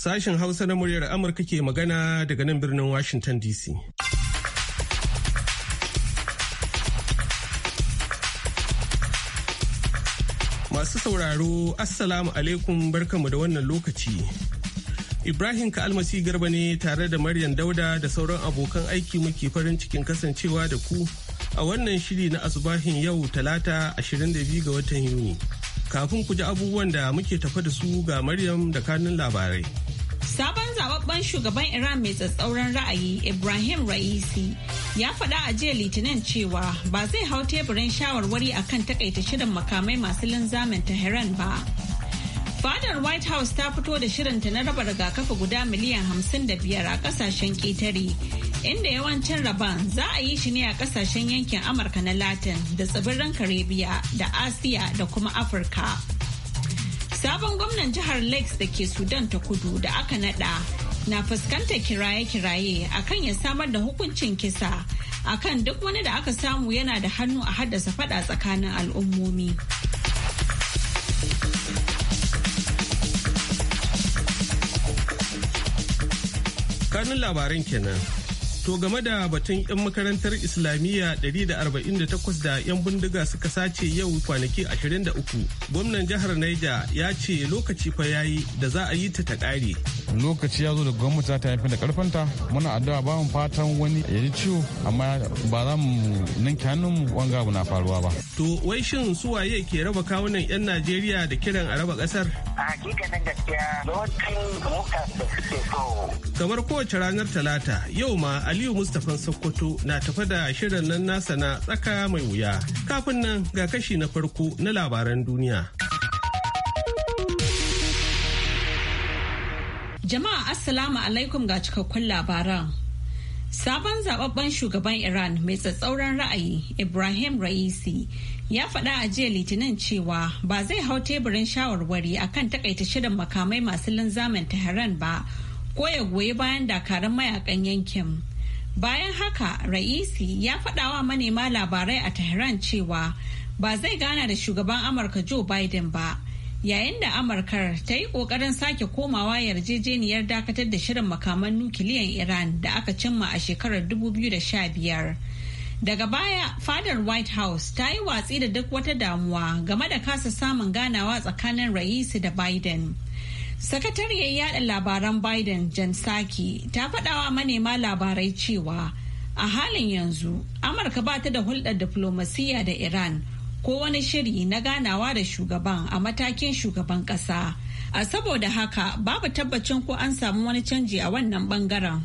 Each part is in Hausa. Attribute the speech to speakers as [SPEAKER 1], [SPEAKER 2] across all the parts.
[SPEAKER 1] Sashen Hausa na muryar Amurka ke magana daga nan birnin Washington DC. Masu sauraro, Assalamu alaikum barkanmu da wannan lokaci. Ibrahim ka Almasi Garba ne tare da Maryam Dauda da sauran abokan aiki muke farin cikin kasancewa da ku a wannan shiri na asubahin yau talata 22 ga watan Yuni. kafin ku ji abubuwan da muke tafa da su ga Maryam da kanun labarai.
[SPEAKER 2] Sabon zababben shugaban Iran mai tsatsauran ra'ayi Ibrahim Ra'isi ya faɗa a jiya Litinin cewa ba zai hau teburin shawarwari akan takaita shirin makamai masu linzamin Tehran ba. Fadar White House ta fito da shirinta na raba rigakafi guda miliyan hamsin da biyar a kasashen ƙetare, inda yawancin raban za a yi shi ne a kasashen yankin Amurka na Latin da tsibirin Karibiya da Asiya da kuma Afirka. Sabon gwamnan jihar Lakes da ke Sudan ta kudu da aka nada na fuskantar kiraye-kiraye akan ya samar da hukuncin kisa akan duk wani da aka samu yana da hannu a haddasa fada tsakanin al'ummomi.
[SPEAKER 1] Kanun labarin kenan. To game da batun 'yan makarantar Islamiyya 148 da 'yan bindiga suka sace yau kwanaki 23, gwamnan jihar Naija ya ce lokaci fa yayi da za a yi ta ta ƙare. Lokaci ya zo da gwamnati ta haifi da karfanta muna addu'a ba mu fatan wani ya ji ciwo amma ba za mu ninke hannun mu wanga abu na faruwa ba. To wai shin suwaye ke raba kawunan 'yan Najeriya da kiran a raba ƙasar? A da
[SPEAKER 3] suke so.
[SPEAKER 1] Kamar kowace ranar Talata yau ma Aliyu Mustapha Sokoto na tafa da shirin nan nasa na tsaka mai wuya. Kafin nan ga kashi na farko na labaran duniya.
[SPEAKER 2] Jama'a Assalamu alaikum ga cikakkun labaran. Sabon zababben shugaban Iran mai tsatsauran ra'ayi Ibrahim Raisi ya faɗa a jiya litinin cewa ba zai hau teburin shawarwari akan takaita shirin makamai masu linzamin Tehran ba ko ya goyi bayan dakarun mayakan yankin Bayan haka, Ra'isi ya faɗawa manema labarai a Tehran cewa ba zai gana da shugaban Amurka Joe Biden ba. Yayin da Amurkar ta yi ƙoƙarin sake komawa yarjejeniyar dakatar da shirin makaman nukiliyan Iran da aka cimma a shekarar 2015. Daga baya, fadar White House ta yi watsi da duk wata damuwa game da kasa samun ganawa tsakanin Ra'isi da Biden. Sakatariyar yaɗa labaran Biden Jan Saki ta faɗawa manema labarai cewa a halin yanzu Amurka ba ta da hulɗar diflomasiyya da Iran ko wani shiri na ganawa da shugaban a matakin shugaban ƙasa. A saboda haka babu tabbacin ko an samu wani canji a wannan bangaren.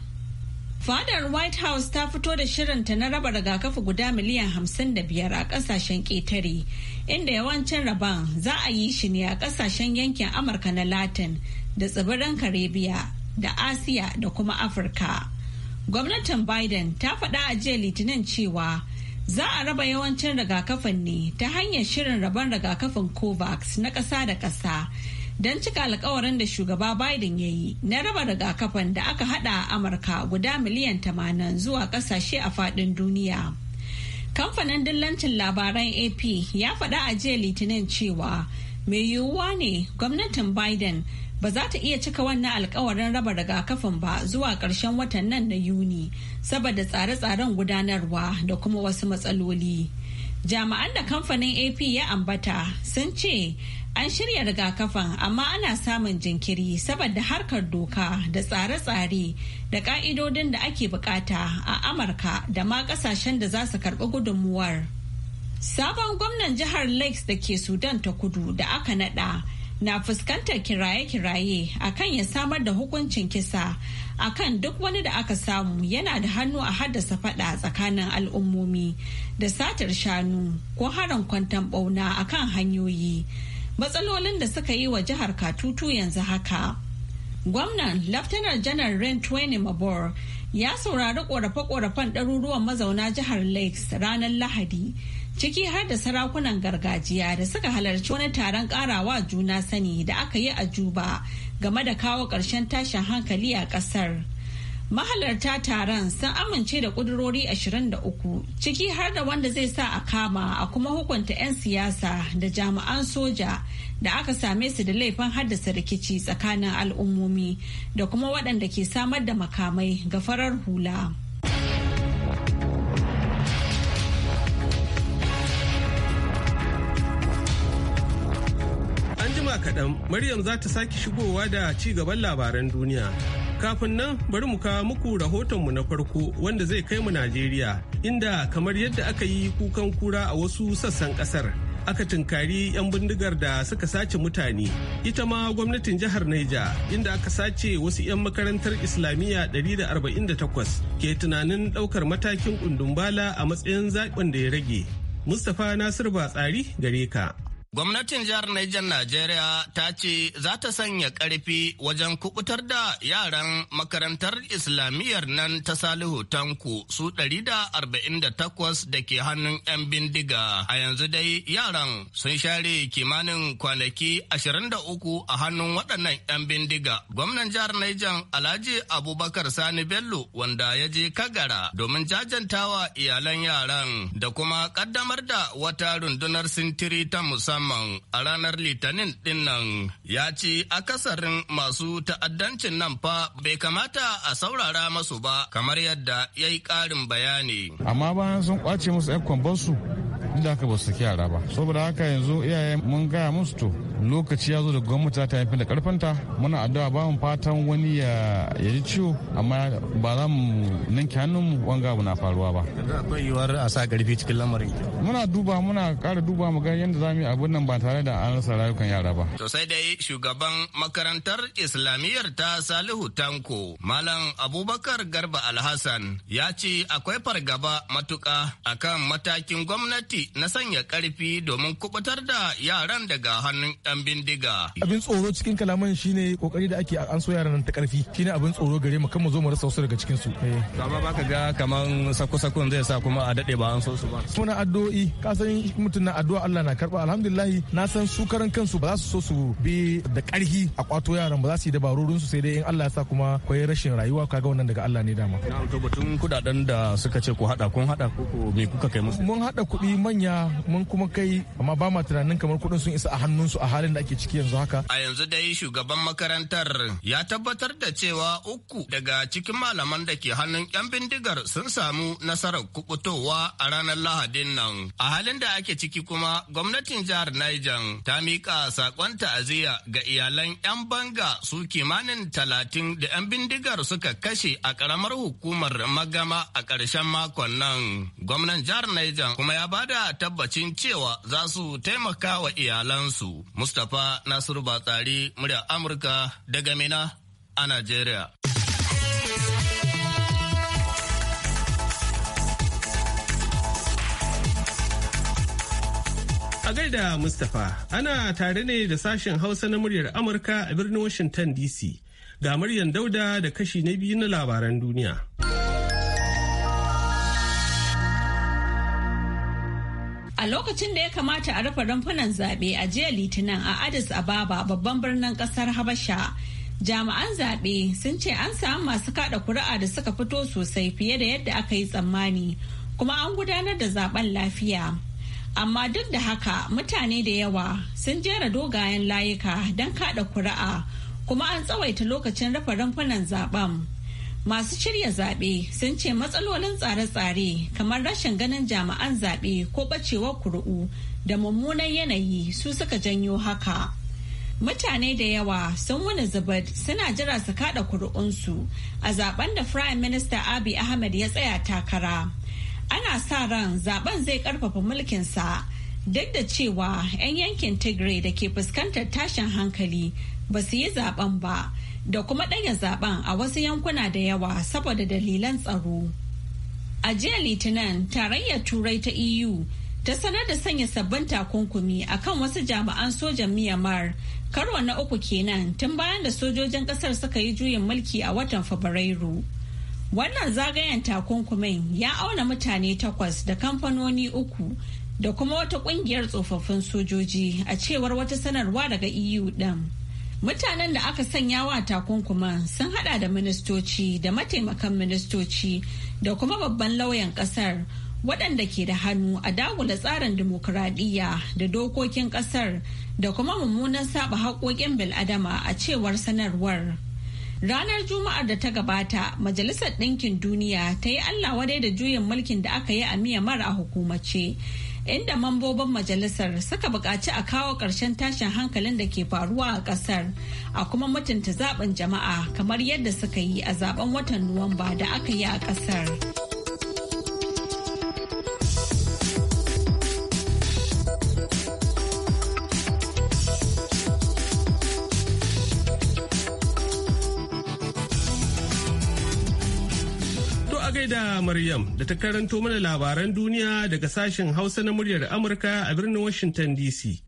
[SPEAKER 2] Fadar White House ta fito da shirinta na raba rigakafi guda miliyan hamsin da biyar a kasashen ƙetare, inda yawancin rabon za a yi shi ne a kasashen yankin Amurka na Latin da tsibirin Karibiya da Asiya da kuma Afirka. Gwamnatin Biden ta faɗa a jiya Litinin cewa za a raba yawancin rigakafin ne ta hanyar shirin rabon rigakafin COVAX na ƙasa da ƙasa don cika alkawarin da shugaba Biden ya yi na raba rigakafin da aka hada a Amurka guda miliyan tamanin zuwa kasashe a faɗin duniya. Kamfanin dillancin labaran AP ya faɗa a jiya Litinin cewa mai yiwuwa ne gwamnatin Biden ba za ta iya cika wannan alkawarin raba rigakafin ba zuwa ƙarshen watan nan na Yuni saboda tsare-tsaren gudanarwa da kuma wasu matsaloli. Jami'an da kamfanin AP ya ambata sun ce An shirya rigakafin amma ana samun jinkiri saboda harkar doka da tsare-tsare da ka'idodin da ake bukata a Amurka da ma kasashen da za su karɓi gudunmuwar. Sabon gwamnan jihar Lakes da ke Sudan ta kudu da aka naɗa na fuskantar kiraye-kiraye akan ya samar da hukuncin kisa akan duk wani da aka samu yana da hannu a haddasa fada tsakanin al'ummomi da satar shanu ko harin kwantan bauna akan hanyoyi. matsalolin da suka yi wa jihar katutu yanzu haka gwamnan laftanar janar ren twenty mabor ya saurari ƙorafe-ƙorafen ɗaruruwan mazauna jihar lakes ranar lahadi ciki har da sarakunan gargajiya da suka halarci wani taron karawa juna sani da aka yi a juba game da kawo ƙarshen tashin hankali a ƙasar. mahalarta taron sun amince da kudurori 23 ciki har da wanda zai sa a kama a kuma hukunta 'yan siyasa da jami'an soja da aka same su da laifin haddasa rikici tsakanin al'ummomi da kuma waɗanda ke samar da makamai ga farar hula.
[SPEAKER 1] An jima kaɗan, Maryam za ta sake shigowa da ci gaban labaran duniya. Kafin nan bari mu kawo muku rahotonmu na farko wanda zai kai mu Najeriya inda kamar yadda aka yi kukan kura a wasu sassan kasar aka tunkari 'yan bindigar da suka sace mutane ita ma gwamnatin jihar Naija inda aka sace wasu 'yan makarantar Islamiyya 148 ke tunanin ɗaukar matakin kundumbala a matsayin zaɓin da ya rage. Mustapha Nasiru Batsari gare ka.
[SPEAKER 4] Gwamnatin jihar Niger Najeriya ta ce za ta sanya ƙarfi wajen kubutar da yaran makarantar Islamiyyar nan ta Salihu Tanku su 148 da ke hannun 'yan bindiga. A yanzu dai yaran sun share kimanin kwanaki 23 a hannun waɗannan 'yan bindiga. Gwamnan jihar Niger Alhaji Abubakar Sani Bello wanda ya je Kagara domin jajantawa iyalan yaran da kuma ƙaddamar da wata rundunar sintiri ta musamman. musamman a ranar litinin nan ya ce akasarin masu ta'addancin nan fa bai kamata a saurara masu ba kamar yadda ya yi ƙarin bayani. Amma
[SPEAKER 1] bayan sun ƙwace musu 'yan kwambansu inda aka ba su saki yara ba saboda haka yanzu iyaye mun gaya musu to lokaci ya zo da gwamnati ta yafi da karfanta muna addu'a ba mu fatan wani ya ji ciwo amma ba za mu ninke mu wanga abu na faruwa ba
[SPEAKER 4] akwai yiwuwar a sa garfi cikin lamarin
[SPEAKER 1] muna duba muna ƙara duba mu ga yadda za mu yi abun nan ba tare da an rasa rayukan yara ba
[SPEAKER 4] to sai dai shugaban makarantar islamiyyar ta salihu tanko malam abubakar garba alhassan ya ce akwai fargaba matuka akan matakin gwamnati na sanya karfi domin kubutar da yaran daga hannun 'yan bindiga.
[SPEAKER 1] Abin tsoro cikin kalaman shine kokari da ake an so yaran ta karfi shine abin tsoro gare mu kan mu zo mu rasa wasu daga cikin su. Eh.
[SPEAKER 4] Amma baka ga kamar sako-sakon zai sa kuma a dade ba an so su ba. Muna
[SPEAKER 1] addu'o'i ka san mutum na addu'a Allah na karba alhamdulillah na san su karan kansu ba za su so su bi da karfi a kwato yaran ba za su yi dabarorin su sai dai in Allah ya sa kuma koyi rashin rayuwa kaga wannan daga Allah ne dama.
[SPEAKER 4] Na batun kudaden da suka ce ku hada kun hada ko me kuka kai musu?
[SPEAKER 1] Mun hada kuɗi manya mun kuma kai amma ba ma tunanin kamar kuɗin sun isa a hannunsu a halin da ake ciki yanzu haka.
[SPEAKER 4] A yanzu dai shugaban makarantar ya tabbatar da cewa uku daga cikin malaman da ke hannun 'yan bindigar sun samu nasarar kubutowa a ranar Lahadin nan. A halin da ake ciki kuma gwamnatin jihar Niger ta miƙa saƙon ta'aziyya ga iyalan 'yan banga su kimanin talatin da 'yan bindigar suka kashe a ƙaramar hukumar magama a karshen makon nan. Gwamnan jihar Niger kuma ya bada tabbacin cewa za su taimaka wa iyalansu. Mustapha Nasiru Batsari, murya Amurka daga Mina a Najeriya.
[SPEAKER 1] A gaida Mustapha, ana tare ne da sashen Hausa na muryar Amurka a birnin Washington DC. Ga muryar Dauda da kashi na biyu na labaran duniya.
[SPEAKER 2] lokacin da ya kamata a rufe rumfunan zaɓe a jiya litinin a addis ababa babban birnin ƙasar habasha jami'an zaɓe sun ce an samu masu kaɗa kuri'a da suka fito sosai fiye da yadda aka yi tsammani kuma an gudanar da zaben lafiya amma duk da haka mutane da yawa sun jera dogayen layuka don kaɗa kuri'a kuma an tsawaita lokacin rufe rumfunan zaben Masu shirya zaɓe sun ce matsalolin tsare-tsare kamar rashin ganin jami'an zaɓe ko ɓacewar kuri'u da mummunan yanayi su suka janyo haka. Mutane da yawa sun wani zubar suna jira su kada kuri'unsu a zaben da Prime Minister Abiy Ahmed ya tsaya takara. Ana sa ran zaben zai karfafa mulkinsa duk da cewa 'yan yankin Tigray da ke fuskantar tashin hankali ba su yi zaben ba. da kuma ɗaya zaben a wasu yankuna da yawa saboda dalilan tsaro. A jiya Litinin, tarayyar Turai ta EU ta sanar da sanya sabbin takunkumi a kan wasu jami'an sojan Myanmar karo na uku kenan tun bayan da sojojin kasar suka yi juyin mulki a watan Fabrairu. Wannan zagayen takunkumin ya auna mutane takwas da kamfanoni uku da kuma wata kungiyar tsofaffin sojoji a cewar wata sanarwa daga EU ɗin. Mutanen da aka sanya wa takunkuma sun hada da ministoci da mataimakan ministoci da kuma babban lauyan kasar waɗanda ke da hannu a dagula tsarin dimokuraɗiyya da dokokin ƙasar da kuma mummunan saba haƙoƙin bil'adama a cewar sanarwar. Ranar Juma'ar da ta gabata, Majalisar Ɗinkin Duniya ta yi Allah wadai da juyin mulkin da aka yi a Miyamar a hukumace. inda mambobin majalisar suka buƙaci a kawo ƙarshen tashin hankalin da ke faruwa a ƙasar a kuma mutunta zaɓin jama'a kamar yadda suka yi a zaben watan nuwamba da aka yi a ƙasar.
[SPEAKER 1] Maryam da ta karanto mana labaran duniya daga sashen Hausa na muryar Amurka a birnin Washington DC.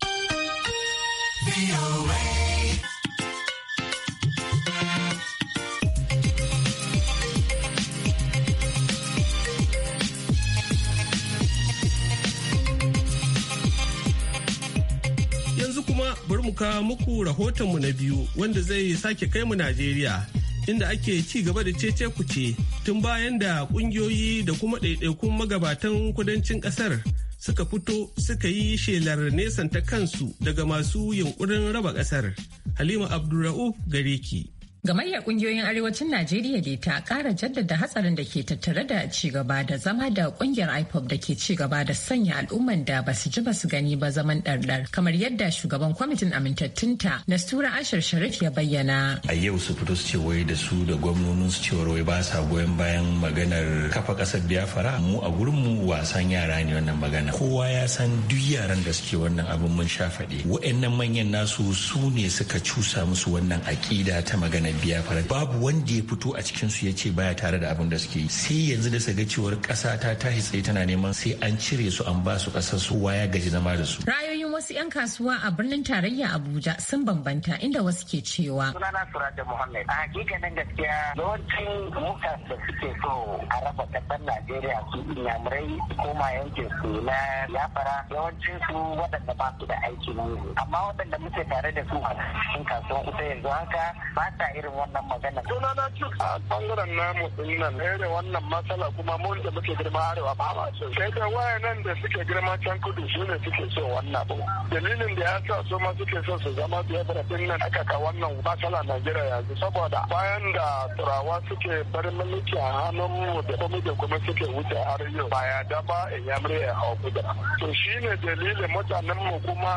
[SPEAKER 1] Yanzu kuma bari mu kawo muku rahotonmu na biyu wanda zai sake kai mu Najeriya. inda ake ci gaba da cece kuce tun bayan da kungiyoyi da kuma ɗaiɗaikun magabatan kudancin ƙasar suka fito suka yi shelar nesanta kansu daga masu yunkurin raba ƙasar halima abdulra'uf gare ki
[SPEAKER 5] Gamayyar kungiyoyin arewacin Najeriya da ta kara jaddada hatsarin da ke tattare da cigaba da zama da kungiyar IPOP da ke cigaba da sanya al'umman da ba su ji ba su gani ba zaman ɗarɗar kamar yadda shugaban kwamitin Amintattun amintattunta Sura Ashar Sharif ya bayyana.
[SPEAKER 6] A yau su fito su ce wai da su da gwamnonin su cewar wai ba sa goyon bayan maganar kafa ƙasar Biafra mu a gurin mu wasan yara ne wannan magana. Kowa ya san duk yaran da suke wannan abin mun sha faɗi. Wa'annan manyan nasu su ne suka cusa musu wannan aƙida ta magana biya fara babu wanda ya fito a cikin su ya ce baya tare da abin da suke yi sai yanzu da saga cewar kasa ta tashi tsaye tana neman sai an cire su an ba su ƙasar su waya gaji zama da su
[SPEAKER 5] Rayoyin wasu 'yan kasuwa a birnin tarayya Abuja sun bambanta inda wasu ke cewa
[SPEAKER 7] sunana surat Muhammad a hakikanin gaskiya yawancin muka da suke so a raba kasar Najeriya su inyamurai koma yankin su na yafara yawancin su waɗanda ba su da aikin amma waɗanda muke tare da su a cikin kasuwan kusa yanzu haka ba sa irin wannan magana. na cuk a bangaren namu din nan ne eh, da wannan matsala kuma mun da muke girma arewa ba ma
[SPEAKER 8] so. Sai da wayanan da suke girma can kudu su ne suke so wannan abu. Dalilin da ya sa su ma suke so su zama biyar din nan aka ka wannan matsala Najeriya yanzu saboda bayan da turawa suke bari mulki a hannun mu da kuma da kuma suke wuce har yau ba ya daba in eh, ya hau kudu. To shi ne dalilin mutanen mu kuma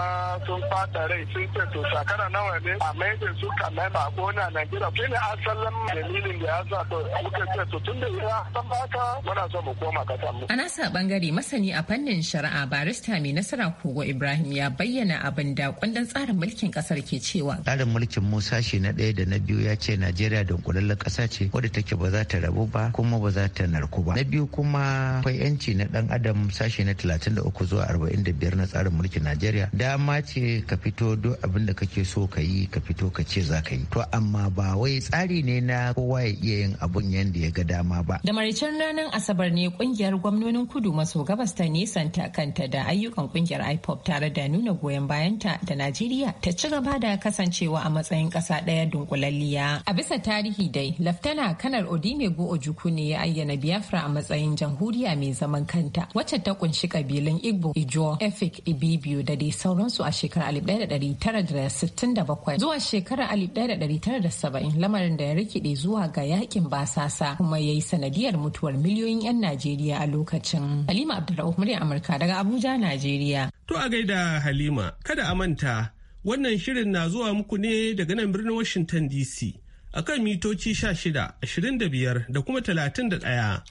[SPEAKER 8] sun fata
[SPEAKER 6] rai sun ce to shakara nawa ne a mai da su kamar ba gona na. kira shi ne sallan dalilin da ya sa to muka ce to tun da ya san baka muna so mu koma ka mu. A
[SPEAKER 5] nasa bangare masani a fannin shari'a barista mai nasara kogo Ibrahim ya bayyana abin da kundin tsarin mulkin kasar ke cewa.
[SPEAKER 7] Tsarin mulkin musa shi na ɗaya da na biyu ya ce Najeriya dunkulallen ƙasa ce wadda take ba za ta rabu ba kuma ba za ta narku ba. Na biyu kuma akwai yanci na ɗan adam sashi na 33 zuwa 45 na tsarin mulkin Najeriya dama ce ka fito duk abin da kake so ka yi ka fito ka ce za ka yi. To amma ba wai tsari ne na kowa ya iya yin abun yadda ya ga dama ba. Da
[SPEAKER 5] maraicen ranar Asabar ne kungiyar gwamnonin kudu maso gabas ta nisanta kanta da ayyukan kungiyar IPOP tare da nuna goyon bayanta da Najeriya ta ci gaba da kasancewa a matsayin ƙasa ɗaya dunkulalliya. A bisa tarihi dai, Laftana Kanar Odinego Ojukwu ne ya ayyana Biafra a matsayin jamhuriya mai zaman kanta wacce ta kunshi kabilun Igbo, Ijo, Efik, Ibibio da dai sauransu a shekarar 1967 zuwa shekarar 1970 saba'in lamarin da ya rikide zuwa ga yakin basasa kuma ya yi sanadiyar mutuwar miliyoyin 'yan Najeriya a lokacin. Halima Abdullahi muryar Amurka daga Abuja, Najeriya.
[SPEAKER 1] To a gaida Halima, kada a manta wannan shirin na zuwa muku ne daga nan birnin Washington DC a kan mitoci 16, 25 da kuma talatin da ɗaya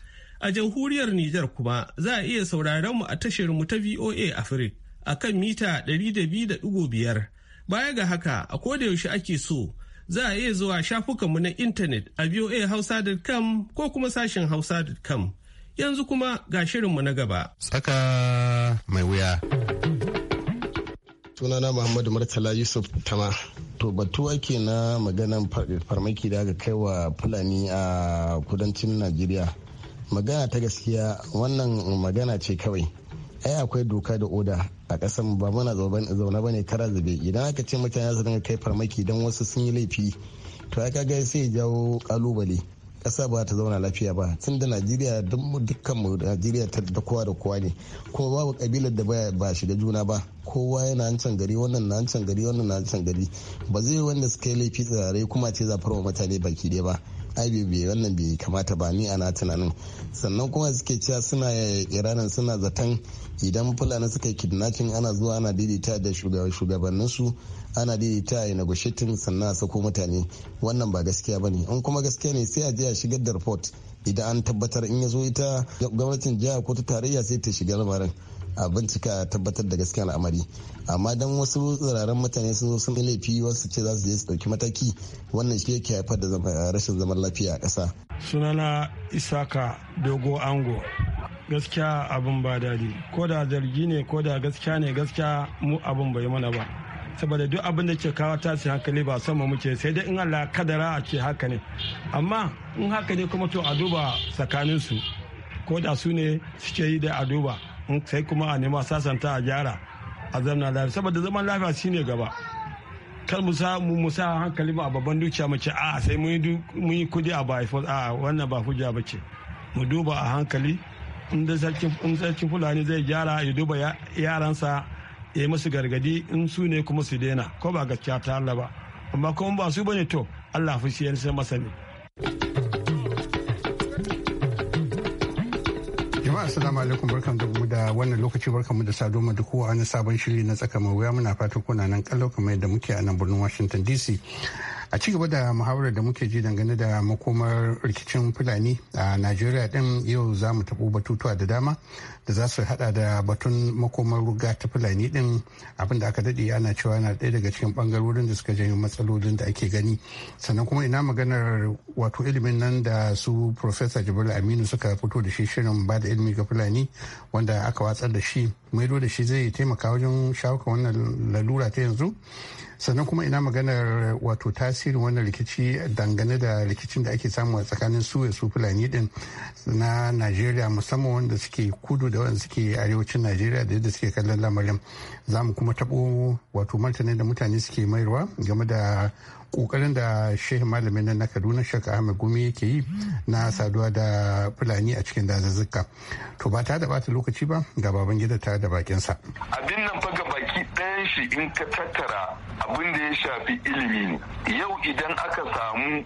[SPEAKER 1] A jamhuriyar Nijar kuma za a iya sauraron mu a tashar mu ta VOA Africa kan mita ɗari da da biyu biyar. Baya ga haka a koda yaushe ake so za a iya zuwa shafukanmu na intanet a voahausa.com ko kuma sashen hausa.com. Yanzu kuma ga shirinmu na
[SPEAKER 7] gaba. Tsaka mai wuya. Sunana Muhammadu Murtala Yusuf Tama. To batu ake na maganan farmaki da aka kai wa Fulani a kudancin Najeriya. Magana ta gaskiya wannan magana ce kawai. ai akwai doka da oda a kasan ba muna zaune ba ne kara zube idan aka ce mutane su dinga kai farmaki don wasu sun yi laifi to aka kaga sai jawo kalubale ƙasa ba ta zauna lafiya ba tun da najeriya dukkan mu najeriya ta da kowa da kowa ne kuma babu kabilar da ba shi da juna ba kowa yana can gari wannan na can gari wannan na can gari ba zai wanda suka yi laifi tsirarai kuma ce zafar wa mutane baki ɗaya ba ai bai wannan bai kamata ba ni ana tunanin sannan kuma suke cewa suna iranin suna zaton idan fulani suka yi ana zuwa ana daidaita da shugabanninsu ana daidaita a negotiating sannan a sako mutane wannan ba gaskiya ba ne in kuma gaskiya ne sai a je a shigar da report idan an tabbatar in ya zo ita gwamnatin jihar ko ta tarayya sai ta shiga lamarin a bincika tabbatar da gaskiya al'amari amma dan wasu tsiraran mutane sun sun laifi wasu ce za su je su dauki mataki wannan shi yake haifar da rashin zaman lafiya a ƙasa
[SPEAKER 1] sunana isaka dogo ango gaskiya abin ba daɗi ko da zargi ne ko da gaskiya ne gaskiya mu abin bai mana ba saboda duk abin da ke kawo tasi hankali ba sama muke sai dai in Allah kadara a ce haka ne amma in haka ne kuma to a duba tsakaninsu ko da su ne suke yi da a duba sai kuma a nema sasanta a gyara a zamna lafiya saboda zaman lafiya shine gaba kar mu sa mu musa hankali mu a babban dukiya mu ce a sai mun yi kudi a bai a wannan ba hujja ba ce mu duba a hankali in da sarkin fulani zai gyara ya duba yaransa ya yi musu gargadi in su ne kuma su daina ko ba gaskiya ta Allah ba amma kuma ba su bane to Allah fushi ya san masani.
[SPEAKER 3] Assalamu alaikum barkan da mu da wannan lokaci barkan mu da sado mu da wani sabon shiri na tsaka mai wuya muna fatan kuna nan kallo kamar yadda muke a nan birnin Washington DC. a ci gaba da muhawarar da muke ji dangane da makomar rikicin fulani a najeriya din yau za mu taɓo batutuwa da dama da za su hada da batun makomar ruga ta fulani din abinda aka daɗe ana cewa yana ɗaya daga cikin ɓangarorin da suka janyo matsalolin da ake gani sannan kuma ina maganar wato ilimin nan da su professor jibril aminu suka fito da shi shirin ba da ilimi ga fulani wanda aka watsar da shi maido da shi zai taimaka wajen shawo wannan lalura ta yanzu sannan kuma ina maganar wato tasirin wannan rikici dangane da rikicin da ake samu a tsakanin su su fulani din na najeriya musamman wanda suke kudu da wanda suke arewacin najeriya da yadda suke kallon lamarin za kuma taɓo wato martanin da mutane suke mayarwa game da kokarin da shehu malamin na kaduna shaka ahmed gumi yake yi na saduwa da fulani a cikin dazuzzuka to ba ta da bata lokaci ba ga baban gida ta da bakinsa
[SPEAKER 8] abin nan fa ga baki ɗayan shi in ka tattara abin da ya shafi ilimi ne yau idan aka samu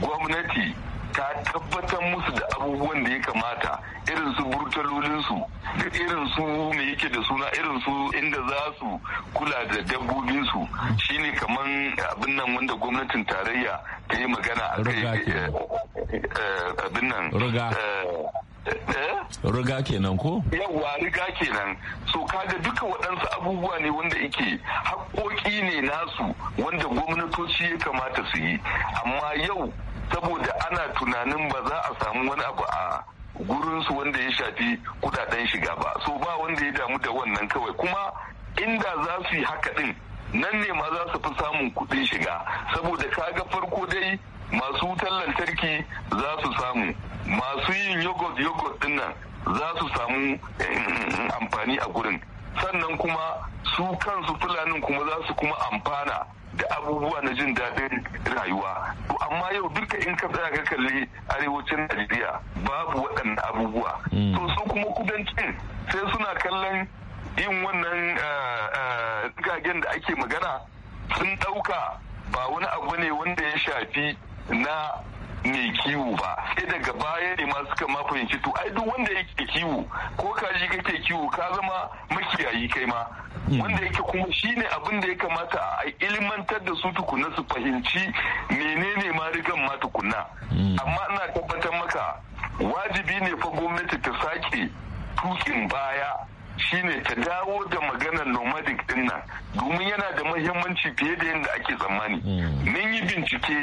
[SPEAKER 8] gwamnati ta tabbatar musu da abubuwan da ya kamata irin su burtalolinsu da irin su me yake da suna irin su inda za su kula da dabbobinsu shine kamar abin nan wanda gwamnatin tarayya ta yi magana a kai eh, abin nan riga eh,
[SPEAKER 6] eh? kenan ko?
[SPEAKER 8] yawwa riga kenan so kaga duka waɗansu abubuwa ne wanda ike haƙoƙi ne nasu wanda gwamnatoci ya kamata su yi amma yau saboda ana tunanin ba za a samu wani abu a gurinsu wanda ya shafi kudaden shiga ba so ba wanda ya damu da wannan kawai kuma inda za su yi haka din nan ne ma za su fi samun kudin shiga saboda kaga farko dai masu wutar lantarki za su samu masu yin yogurt yogurt din nan za su samu eh, amfani a gurin sannan kuma su kansu fulanin kuma za su kuma amfana da abubuwa na jin daɗin rayuwa to amma yau duka in ka tsaya ka kalli arewacin najeriya babu waɗannan abubuwa mm. to su kuma kudancin sai suna kallon yin wannan gagen eh, eh, da ake magana sun ɗauka ba wani abu ne wanda ya shafi na mai kiwo ba sai daga baya ne ma suka ma fahimci to ai duk wanda yake kiwo ko kaji kake kiwo ka zama makiyayi kai ma hmm. wanda yake kuma shine abin da ya kamata a ilmantar da su tukunna su fahimci menene ma rigan ma tukunna hmm. amma ina tabbatar maka wajibi ne fa gwamnati ta sake tukin baya shine ta dawo da maganar nomadic din nan domin yana da mahimmanci fiye da yadda ake tsammani hmm. mun yi bincike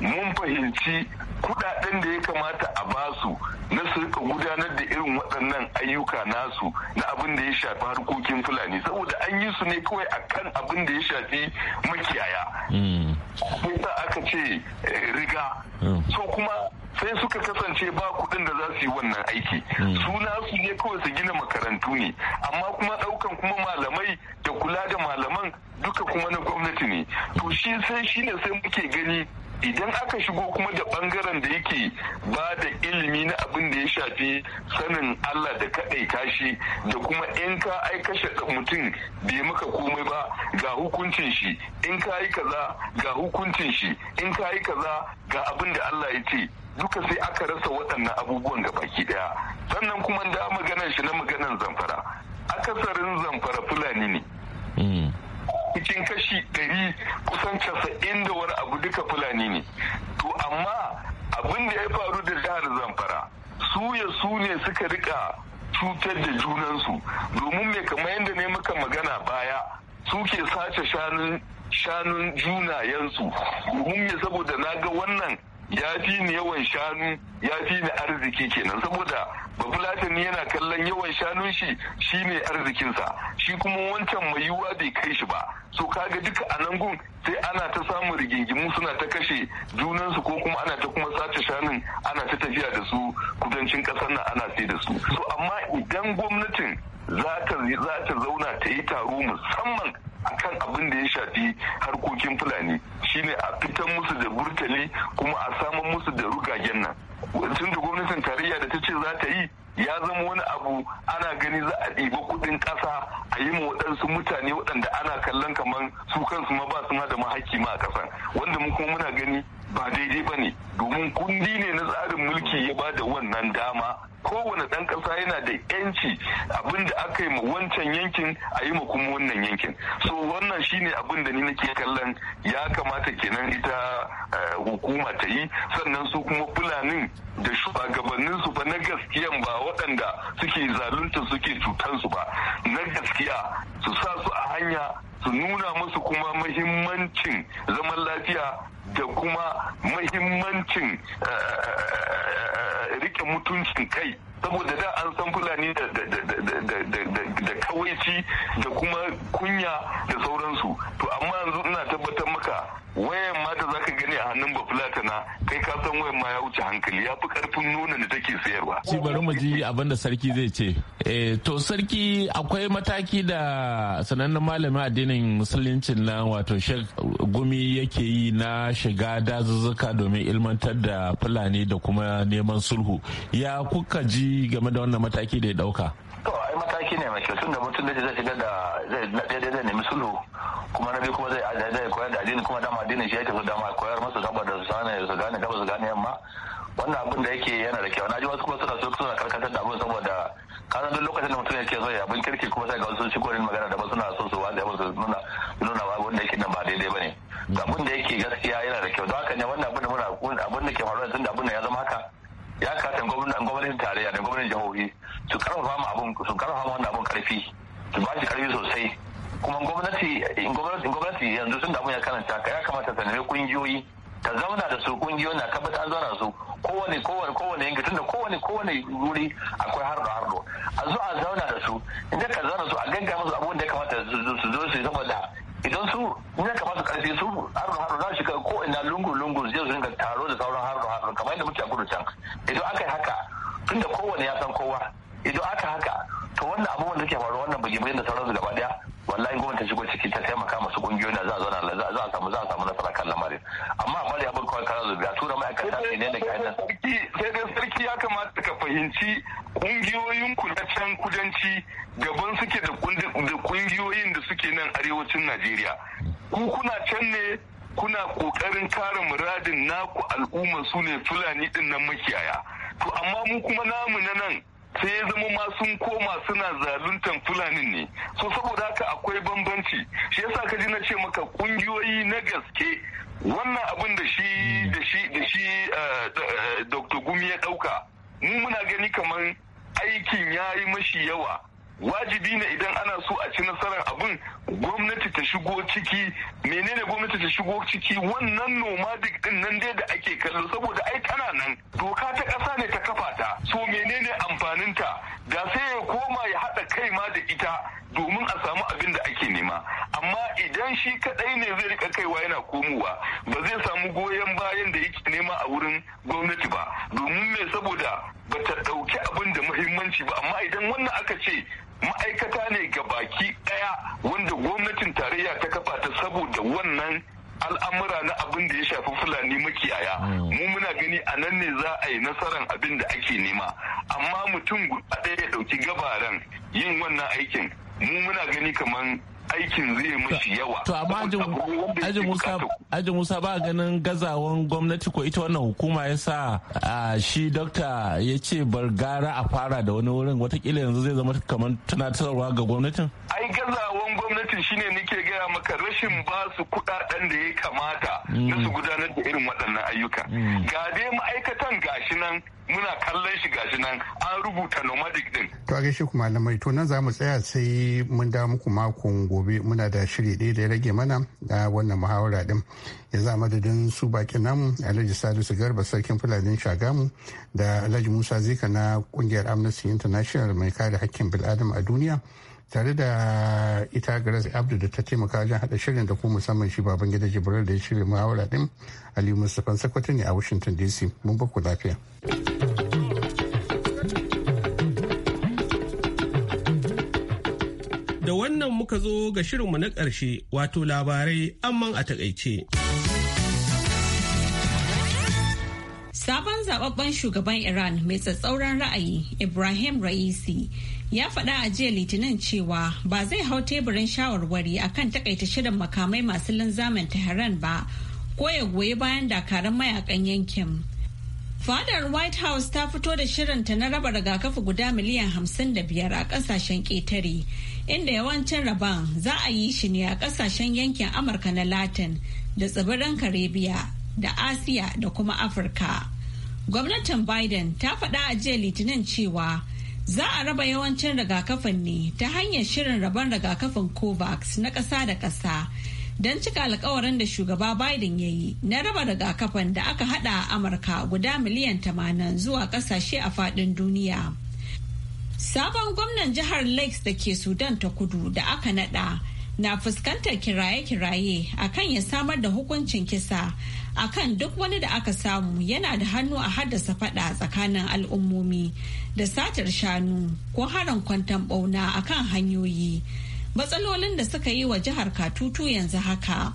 [SPEAKER 8] mun fahimci kudaden da ya kamata a basu na su rika gudanar da irin waɗannan ayyuka nasu na abin da ya shafi harkokin fulani saboda an yi su ne kawai akan abin da ya shafi makiyaya hmm. sai aka ce eh, riga hmm. so kuma sai suka kasance ba kuɗin da za su yi wannan aiki suna hmm. su ne kawai su gina makarantu ne amma kuma ɗaukan kuma malamai da kula da malaman duka kuma na gwamnati ne to shi sai shi ne sai muke gani idan aka shigo kuma da bangaren da yake ba da ilimi na abin da ya shafi sanin Allah da kadai kashi da kuma in ka ai kashe mutum bai maka komai ba ga hukuncin shi in ka yi kaza ga hukuncin shi in ka yi kaza ga abin da Allah ya ce duka sai aka rasa waɗannan abubuwan ga baki daya sannan kuma da maganar shi na maganar zamfara akasarin zamfara fulani ne hmm. cikin kashi ɗari kusan casa'in da wani abu duka fulani ne to amma abin da ya faru da jihar zamfara su ya su ne suka rika cutar da junansu domin mai kamar yadda ne muka magana baya suke sace shanun shanun junayensu domin me saboda na ga wannan ya fi ni yawan shanu ya fi ni arziki kenan saboda bafulatani yana kallon yawan shanun shi shi ne arzikinsa shi kuma wancan mai yiwuwa bai kai shi ba so kaga duka a nan gun sai ana ta samun rigingimu suna ta kashe junansu ko kuma ana ta kuma sace shanun ana ta tafiya da su kudancin kasar nan ana sai da su so amma idan gwamnatin za ta zauna ta yi taro musamman akan abin da ya shafi harkokin fulani shine a fitan musu da burtali kuma a saman musu da rugagen nan sun da gwamnatin tarayya da ta ce za ta yi ya zama wani abu ana gani za a ɗiba kuɗin ƙasa a yi ma waɗansu mutane waɗanda ana kallon kamar su kansu ma ba su ma da mahaki ma a ƙasan wanda mu kuma muna gani ba daidai ba ne domin kundi ne na tsarin mulki ya ba da wannan dama kowane ɗan ƙasa yana da yanci abin da aka yi ma wancan yankin a yi ma kuma wannan yankin so wannan shine abin da ni nake kallon ya kamata kenan ita eh, hukuma ta yi sannan su kuma fulanin da shugabannin su ba na gaskiya ba waɗanda suke zalunta suke cutansu ba na gaskiya su sa su a hanya su nuna musu kuma mahimmancin zaman lafiya da kuma mahimmancin eh, eh, eh, rike mutuncin kai saboda da an san fulani da kawaici da kuma kunya da sauransu to amma yanzu ina tabbatar wayan ma da zaka gani a hannun bafulata na kai ka san wayan ma ya wuce hankali ya fi karfin nuna da take sayarwa
[SPEAKER 1] shi bari mu ji abin da sarki zai ce eh to sarki akwai mataki da sanannen malamin addinin musulunci na wato shek gumi yake yi na shiga dazuzzuka domin ilmantar da fulani da kuma neman sulhu ya kuka ji game da wannan mataki da ya dauka
[SPEAKER 6] mataki ne mai kyau da mutum da zai shiga da zai daidai zai nemi sulhu kuma na biyu kuma zai zai koyar da addini kuma dama addinin shi yake so dama koyar masa saboda su sani su gane gaba su gane yamma wannan abin da yake yana da kyau na ji wasu kuma suna so suna karkatar da abin saboda kana duk lokacin da mutum yake so ya abin kirki kuma sai ga wasu shi korin magana da ba suna so su wanda ya musu nuna nuna ba wanda yake nan ba daidai ba ne abin da yake gaskiya yana da kyau don haka ne wannan abin da muna abin da ke faruwa tunda abin da ya zama haka ya kasance gwamnatin tarayya da gwamnatin jihohi su karfafa mu abun su karfafa mu wannan abun karfi su ba shi karfi sosai kuma gwamnati gwamnati yanzu sun da abun ya karanta ya kamata ta nemi kungiyoyi ta zauna da su kungiyoyi na tabbata an zauna su kowane kowane kowane yanki tunda kowane kowane wuri akwai harba harba. a zo a zauna da su inda ka zauna su a ganga musu abubuwan da ya kamata su zo su saboda idan su ina ka kamata karfi su harba harba za su shiga ko ina lungu lungu zai su dinga taro da sauran harba-harba kamar yadda muke a gudu can idan aka
[SPEAKER 8] arewacin najeriya ku kuna can ne kuna kokarin kare muradin naku al'umma su ne fulani din nan makiyaya to amma mu kuma namu na nan sai ya zama masu sun koma suna zaluntan fulanin ne so saboda haka akwai bambanci shi yasa ka ji na ce maka ƙungiyoyi na gaske wannan abin da shi da shi da shi eh, eh, dr gumi ya dauka mu muna gani kamar aikin ya yi mashi yawa wajibi ne idan ana so a ci nasarar abin gwamnati ta shigo ciki menene gwamnati ta shigo ciki wannan nomadic din nan dai da ake kallo saboda ai kana nan doka ta kasa ne ta kafa ta so menene amfaninta da sai ya koma ya haɗa kai ma da ita domin a samu abin da ake nema amma idan shi kadai ne zai rika kaiwa yana komowa ba zai samu goyon bayan da yake nema a wurin gwamnati ba domin me saboda ba ta ɗauki abin da muhimmanci ba amma idan wannan aka ce ma'aikata ne ga baki ɗaya wanda gwamnatin tarayya ta kafa ta saboda wannan al'amura na abin da ya shafi fulani makiyaya hmm. mu muna gani a nan ne za a yi nasaran abin da ake nema amma mutum a ɗaya ya ɗauki gabaran yin wannan aikin mu muna gani kamar aikin zai mashi yawa. To
[SPEAKER 6] amma Aji Musa ba ganin gazawan gwamnati ko ita wannan hukuma ya sa shi dokta ya ce bar gara a fara da wani wurin watakila yanzu zai zama kamar tunatarwa ga gwamnatin?
[SPEAKER 8] Ai gazawan gwamnati gwamnati shine nike gaya maka rashin ba su kudaden da ya kamata mm. na su gudanar da irin waɗannan ayyuka mm. ga dai ma'aikatan gashi nan muna kallon shi gashi nan an rubuta nomadic din
[SPEAKER 3] to a gaishe ku malamai to nan za mu tsaya sai mun da muku makon gobe muna da shiri ɗaya da ya rage mana da wannan muhawara din ya za madadin su bakin namu alhaji salisu garba sarkin fulanin shagamu da alhaji musa zika na ƙungiyar amnesty international mai kare haƙƙin bil'adama a duniya tare da ita Grace Abdu da ta taimaka wajen hada shirin da kuma musamman shi baban gida Jibril da ya shirya muhawara din Aliyu Mustapha Sakwato ne a Washington DC. Mun baku lafiya.
[SPEAKER 1] Da wannan muka zo ga shirinmu na ƙarshe wato labarai amman a takaice.
[SPEAKER 2] Sabon zababben shugaban Iran mai tsatsauran ra'ayi Ibrahim Raisi ya faɗa a jiya litinin cewa ba zai hau teburin shawarwari akan takaita shirin makamai masu linzamin tehran ba ko ya goyi bayan dakarun mayakan yankin fadar white house ta fito da shirinta na raba rigakafi guda miliyan hamsin da biyar a kasashen ƙetare inda yawancin rabon za a yi shi ne a kasashen yankin amurka na latin da tsibirin karibiya da asiya da kuma afirka gwamnatin biden ta faɗa a jiya litinin cewa Za a raba yawancin rigakafin ne ta hanyar shirin rabon rigakafin COVAX na ƙasa da ƙasa don cika alkawarin da shugaba Biden ya yi na raba rigakafin da aka hada a Amurka guda miliyan tamanin zuwa ƙasashe a faɗin duniya. Sabon gwamnan jihar Lakes da ke Sudan ta kudu da aka nada na fuskantar kiraye-kiraye akan ya samar da hukuncin kisa akan duk wani da aka samu yana da hannu a haddasa fada tsakanin al'ummomi da satar shanu ko harin kwantan bauna akan hanyoyi matsalolin da suka yi wa jihar katutu yanzu haka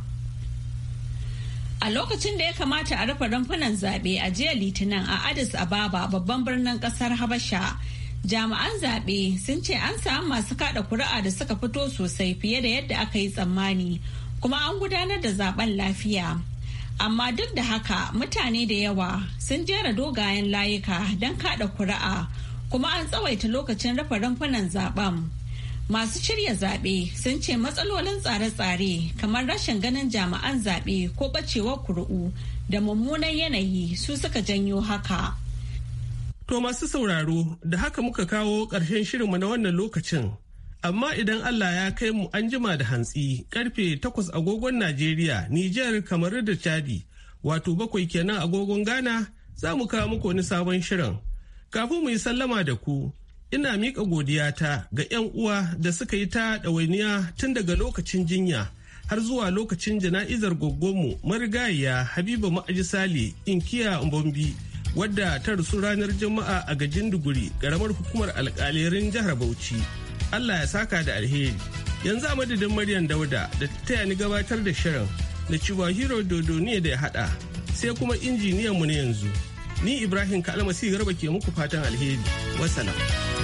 [SPEAKER 2] a lokacin da ya kamata a rufe rumfunan zaɓe a jiya litinin a addis ababa babban birnin ƙasar habasha jami'an zaɓe sun ce an samu masu kada kuri'a da suka fito sosai fiye da yadda aka yi tsammani kuma an gudanar da zaben lafiya amma duk da haka mutane da yawa sun jera dogayen layuka don kada kuri'a kuma an tsawaita lokacin rufe rumfunan zaben masu shirya zaɓe sun ce matsalolin tsare-tsare kamar rashin ganin jami'an zaɓe ko ɓacewar kuri'u da mummunan yanayi su suka janyo haka
[SPEAKER 1] to masu sauraro da haka muka kawo ƙarshen shirinmu na wannan lokacin amma idan Allah ya kai mu an jima da hantsi karfe 8 agogon Najeriya, Nijar kamar da Chadi, wato bakwai kenan agogon Ghana za mu kawo muku wani sabon shirin. Kafin mu yi sallama da ku, ina miƙa godiyata ga 'yan uwa da suka yi ta ɗawainiya tun daga lokacin jinya har zuwa lokacin jana'izar goggonmu marigayiya Habiba Ma'aji Sale Inkiya Mbombi wadda ta rasu ranar Juma'a a gajin Duguri, ƙaramar hukumar alƙalerin jihar Bauchi. Allah ya saka da alheri. Yanzu a madadin Maryam Dauda da ta taya ni gabatar da shirin da cewa Hero Dodo da ya haɗa sai kuma injiniyan mu na yanzu. Ni Ibrahim Kalmasi Garba ke muku fatan alheri. Wassalam.